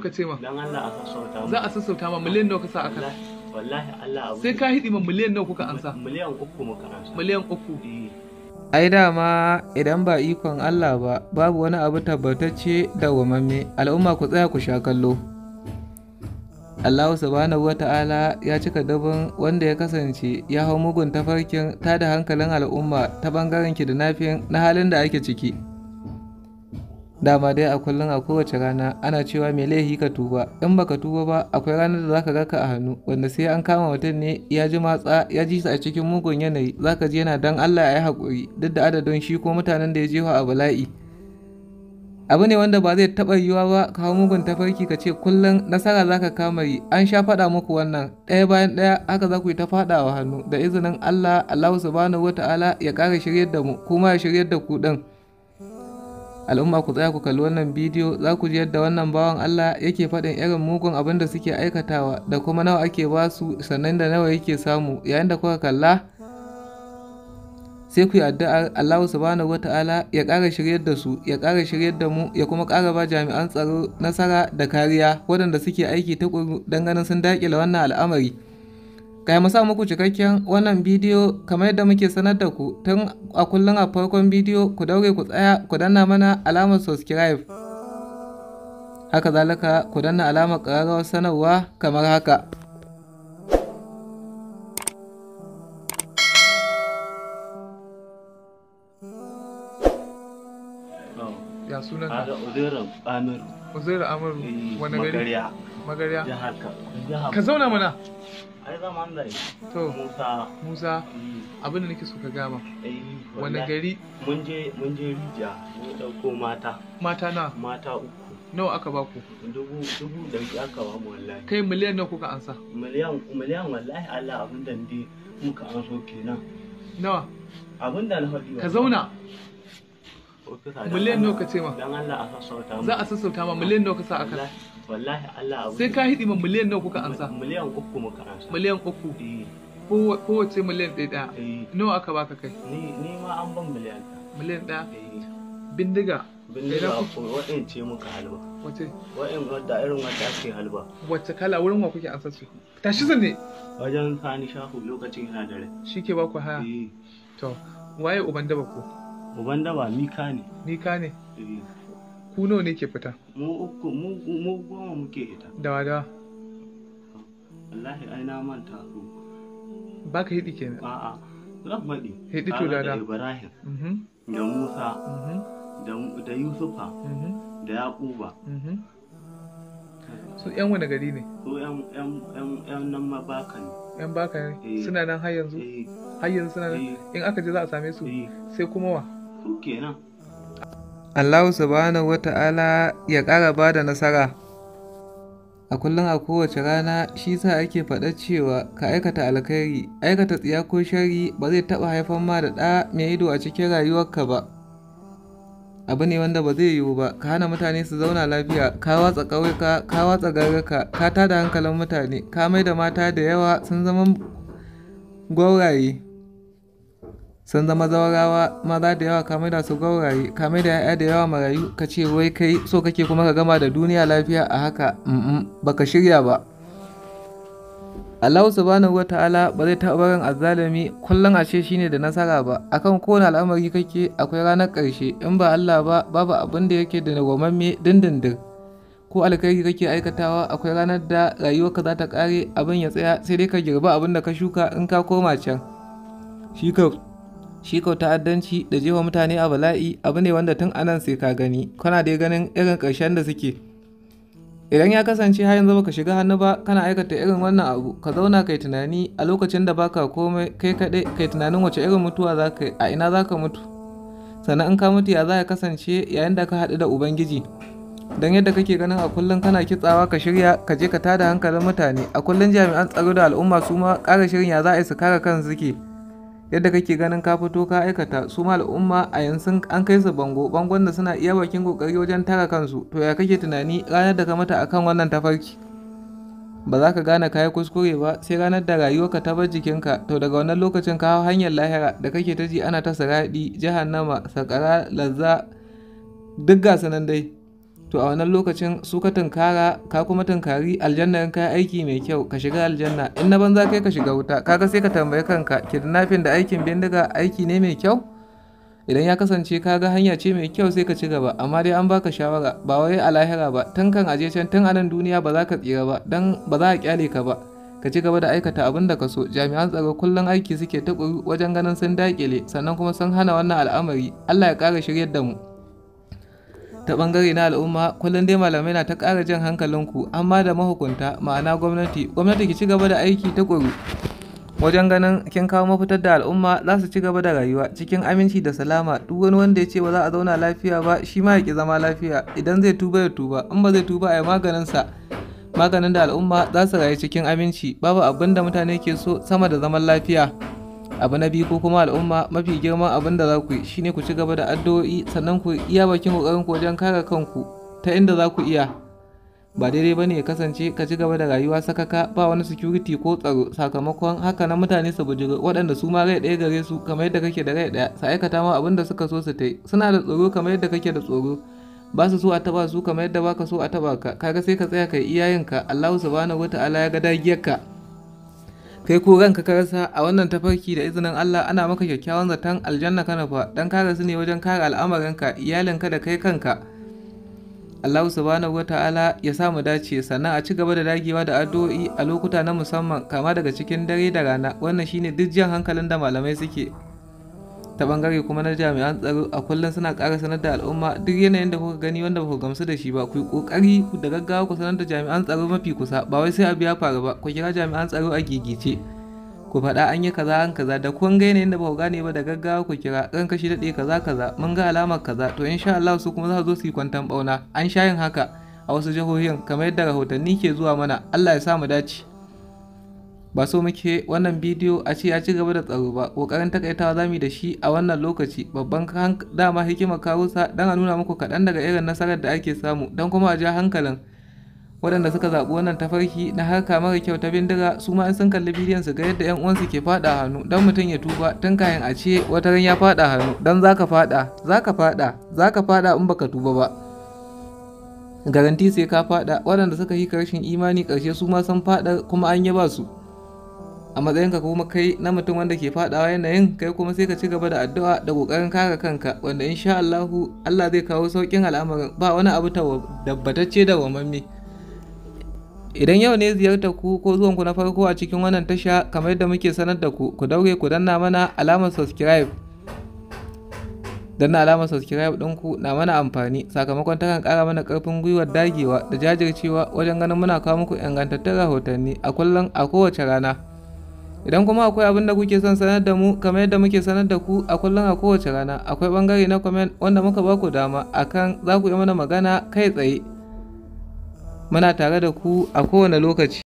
ka ce ma dan Allah a sassauta mu za a sassauta ma miliyan nawa ka sa aka wallahi Allah abu sai ka hidi ma miliyan nawa kuka ansa miliyan uku muka ansa miliyan uku eh. ai dama idan ba ikon Allah ba babu wani abu tabbatacce da wamamme al'umma ku tsaya ku sha kallo Allahu subhanahu wa ta'ala ya cika dabin wanda ya kasance ya hau mugun tafarkin tada hankalin al'umma ta bangaren kidnapping na halin da ake ciki. dama dai a kullum a kowace rana ana cewa mai laifi ka tuba in baka tuba ba akwai ranar da zaka ka a hannu wanda sai an kama mutum ne ya ji matsa ya ji su a cikin mugun yanayi zaka ji yana dan Allah ya yi hakuri duk da adadin shi ko mutanen da ya jefa a bala'i abu ne wanda ba zai taɓa yiwuwa ba ka hau mugun tafarki ka ce kullum nasara zaka kama yi an sha faɗa muku wannan ɗaya bayan ɗaya haka za ku yi ta faɗa wa hannu da izinin Allah Allah subhanahu ta'ala ya ƙara shiryar da mu kuma ya shiryar da ku ɗin. al'umma ku tsaya ku kalli wannan bidiyo za ku ji yadda wannan bawan Allah yake faɗin irin mugun abin da suke aikatawa da kuma nawa ake ba su sannan da nawa yake samu yayin da kuka kalla sai ku yi addu'a Allah subhanahu wata'ala ya ƙara shiryar da su ya ƙara shiryar da mu ya kuma ƙara ba jami'an tsaro nasara da kariya waɗanda suke aiki ta ganin sun daƙile wannan al'amari Ga mu sa muku cikakken wannan bidiyo kamar yadda muke sanar da ku tun a kullum a farkon bidiyo ku daure ku tsaya ku danna mana alamar subscribe. Haka zalika ku danna alamar ƙararrawar sanarwa kamar haka. ya sunan ka? Uzairu Amiru. Eh, Wani gari? Magarya. Jihar Ka zauna mana. to musa mm. abin da nake so ka gama eh, wani gari mun je rijiya mun dauko mata mata na mata uku nawa aka ba ku dubu dubu da aka ba mu wallahi kai miliyan nawa kuka ansa miliyan miliyan wallahi Allah abin da ndi muka anso kenan nawa abin da na faɗi ka zauna miliyan nawa ka ce ma dan Allah a sassauta za a sassauta ma miliyan nawa ka sa aka wallahi Allah abu sai ka hidi ma miliyan nawa kuka ansa miliyan uku muka ansa miliyan uku eh. kowace miliyan ɗaya ɗaya eh. nawa aka baka kai ni ma an ban miliyan ɗaya miliyan ɗaya eh. bindiga bindiga ko wa'in ce muka halba? wace wa'in wadda irin wadda ake halba wace kala wurin wa kuke ansa su tashi zanne wajen sani shahu lokacin yana dare shi ke baku haya to waye uban daba ko uban daba mika ne mika ne ku nawa ne ke fita mu uku mu goma muke fita da da wallahi ai na manta ba ka hidi kenan a a zan faɗi hidi to da da Ibrahim mhm. da Musa mhm. da da Yusufa mhm. da Yakuba su yan wani gari ne su yan nan ma baka ne yan baka ne eh. suna nan har yanzu eh. har yanzu suna nan eh. in aka je za a same su sai kuma wa su kenan allahu subhanahu wata'ala ya ƙara ba da nasara a kullum a kowace rana shi sa ake faɗa cewa ka aikata alkhairi aikata tsiya ko shari ba zai taɓa haifar ma da ɗa mai ido a cikin rayuwarka ba abu ne wanda ba zai yiwu ba ka hana mutane su zauna lafiya ka watsa ƙauyuka ka watsa garuka ka tada hankalin mutane ka mai da mata da yawa sun zama gwauraye sun zama zawarawa maza da yawa kame da su gauraye kame da ya'ya da yawa marayu ka ce wai kai so kake kuma ka gama da duniya lafiya a haka baka shirya ba Allahu subhanahu wa ta'ala ba zai taɓa barin azzalami kullum a ashe shine da nasara ba akan kowane al'amari kake akwai ranar ƙarshe in ba Allah ba babu abin da yake da nagwamamme dindindin. ko alkhairi kake aikatawa akwai ranar da rayuwarka za ta ƙare abin ya tsaya sai dai ka girba abin da ka shuka in ka koma can shi ka shi ko ta'addanci da jefa mutane a bala'i abu ne wanda tun anan sai ka gani kana dai ganin irin ƙarshen da suke idan ya kasance har yanzu baka shiga hannu ba kana aikata irin wannan abu ka zauna kai tunani a lokacin da baka komai kai kaɗai kai tunanin wace irin mutuwa za ka a ina za ka mutu sannan in ka mutu ya za ka kasance yayin da ka haɗu da ubangiji don yadda kake ganin a kullum kana kitsawa ka shirya ka je ka tada hankalin mutane a kullum jami'an tsaro da al'umma su ma ƙara shirin ya za a yi su kare kan suke yadda kake ganin ka fito ka aikata su ma al'umma a yanzu an kai su bango bangon da suna iya bakin kokari wajen tara kansu to ya kake tunani ranar da ka mata akan wannan tafarki ba za ka gane kayi kuskure ba sai ranar da rayuwarka ta bar jikinka to daga wannan lokacin ka hau hanyar lahira da kake ta ji ana ta siraɗi jahannama sakara lazza duk gasu nan dai to a wannan lokacin su ka tunkara ka kuma tunkari aljanna in ka yi aiki mai kyau ka shiga aljanna in na banza kai ka shiga wuta kaga sai ka tambayi kanka kidnapping da aikin bindiga aiki ne mai kyau idan ya kasance ka ga hanya ce mai kyau sai ka ci gaba amma dai an baka shawara ba wai a lahira ba tun kan aje can tun anan duniya ba za ka tsira ba dan ba za a kyale ka ba ka ci gaba da aikata abin da ka so jami'an tsaro kullum aiki suke ta wajen ganin sun dakile sannan kuma sun hana wannan al'amari Allah ya ƙara shiryar da mu ta bangare na al'umma kullum dai malamai na ta ƙara jan hankalinku amma da mahukunta ma'ana gwamnati gwamnati ki ci gaba da aiki ta ƙuru wajen ganin kin kawo mafitar da al'umma za su ci gaba da rayuwa cikin aminci da salama duk wani wanda ya ce ba za a zauna lafiya ba shi ma ya ki zama lafiya idan zai tuba ya tuba in ba zai tuba a yi maganin sa maganin da al'umma za su rayu cikin aminci babu abin da mutane ke so sama da zaman lafiya abu na biyu ko kuma al'umma mafi girman abin da za ku yi shine ku ci gaba da addu'o'i sannan ku iya bakin kokarin ku wajen kare kanku ta inda za ku iya ba daidai bane ya kasance ka ci gaba da rayuwa sakaka ba wani security ko tsaro sakamakon haka na mutane su bujuru waɗanda su ma rai ɗaya gare su kamar yadda kake da rai ɗaya su aikata ma abin da suka so su ta yi suna da tsoro kamar yadda kake da tsoro ba su so a taba su kamar yadda baka so a taba ka kaga sai ka tsaya kai iyayenka Allahu subhanahu wataala ya ga dagiyarka kai ko ranka ka rasa a wannan tafarki da izinin Allah ana maka kyakkyawan zaton aljanna kana fa dan ka rasu ne wajen kare iyalin iyalinka da kai kanka Allah subhanahu wa ta'ala ya sa mu dace sannan a ci gaba da dagewa da addu'o'i a lokuta na musamman kama daga cikin dare da rana wannan shine duk jan hankalin da malamai suke ta bangare kuma na jami'an tsaro a kullum suna kara sanar da al'umma duk yanayin da kuka gani wanda ba ku gamsu da shi ba ku yi ƙoƙari da gaggawa ku sanar da jami'an tsaro mafi kusa ba wai sai abu ya faru ba ku kira jami'an tsaro a gigice ku faɗa an yi kaza an kaza da kun ga yanayin da ba ku gane ba da gaggawa ku kira ran kashi daɗe kaza kaza mun ga alamar kaza to insha Allah su kuma za su zo su yi kwantan bauna an sha yin haka a wasu jihohin kamar yadda rahotanni ke zuwa mana Allah ya sa mu dace ba so muke wannan bidiyo a ce ya ci gaba da tsaro ba kokarin takaitawa zamu da shi a wannan lokaci babban dama hikima kawo sa dan a nuna muku kaɗan daga irin nasarar da ake samu dan kuma a ja hankalin waɗanda suka zaɓi wannan tafarki na harka mara kyau ta bindiga su ma in sun kalli bidiyon su ga yadda yan uwansu ke faɗa hannu dan mutum ya tuba tun kayan a ce wata ran ya faɗa hannu dan zaka faɗa zaka faɗa zaka faɗa in baka tuba ba garanti sai ka faɗa waɗanda suka yi karshen imani ƙarshe su ma sun faɗa kuma an yaba su a matsayinka kuma kai na mutum wanda ke fadawa yanayin kai kuma sai ka ci gaba da addu'a da kokarin kare kanka wanda insha Allah Allah zai kawo saukin al'amarin ba wani abu ta dabbatacce da wamanni idan yau ne ziyartar ku ko zuwan ku na farko a cikin wannan tasha kamar yadda muke sanar da ku ku daure ku danna mana alamar subscribe danna alamar subscribe ku na mana amfani sakamakon takan kara mana karfin gwiwar dagewa da jajircewa wajen ganin muna kawo muku ingantattun rahotanni a kullum a kowace rana idan kuma akwai abin da kuke son sanar da mu kamar yadda muke sanar da ku a kullum a kowace rana akwai bangare na comment wanda muka ba ku dama akan za ku yi mana magana kai tsaye muna tare da ku a kowane lokaci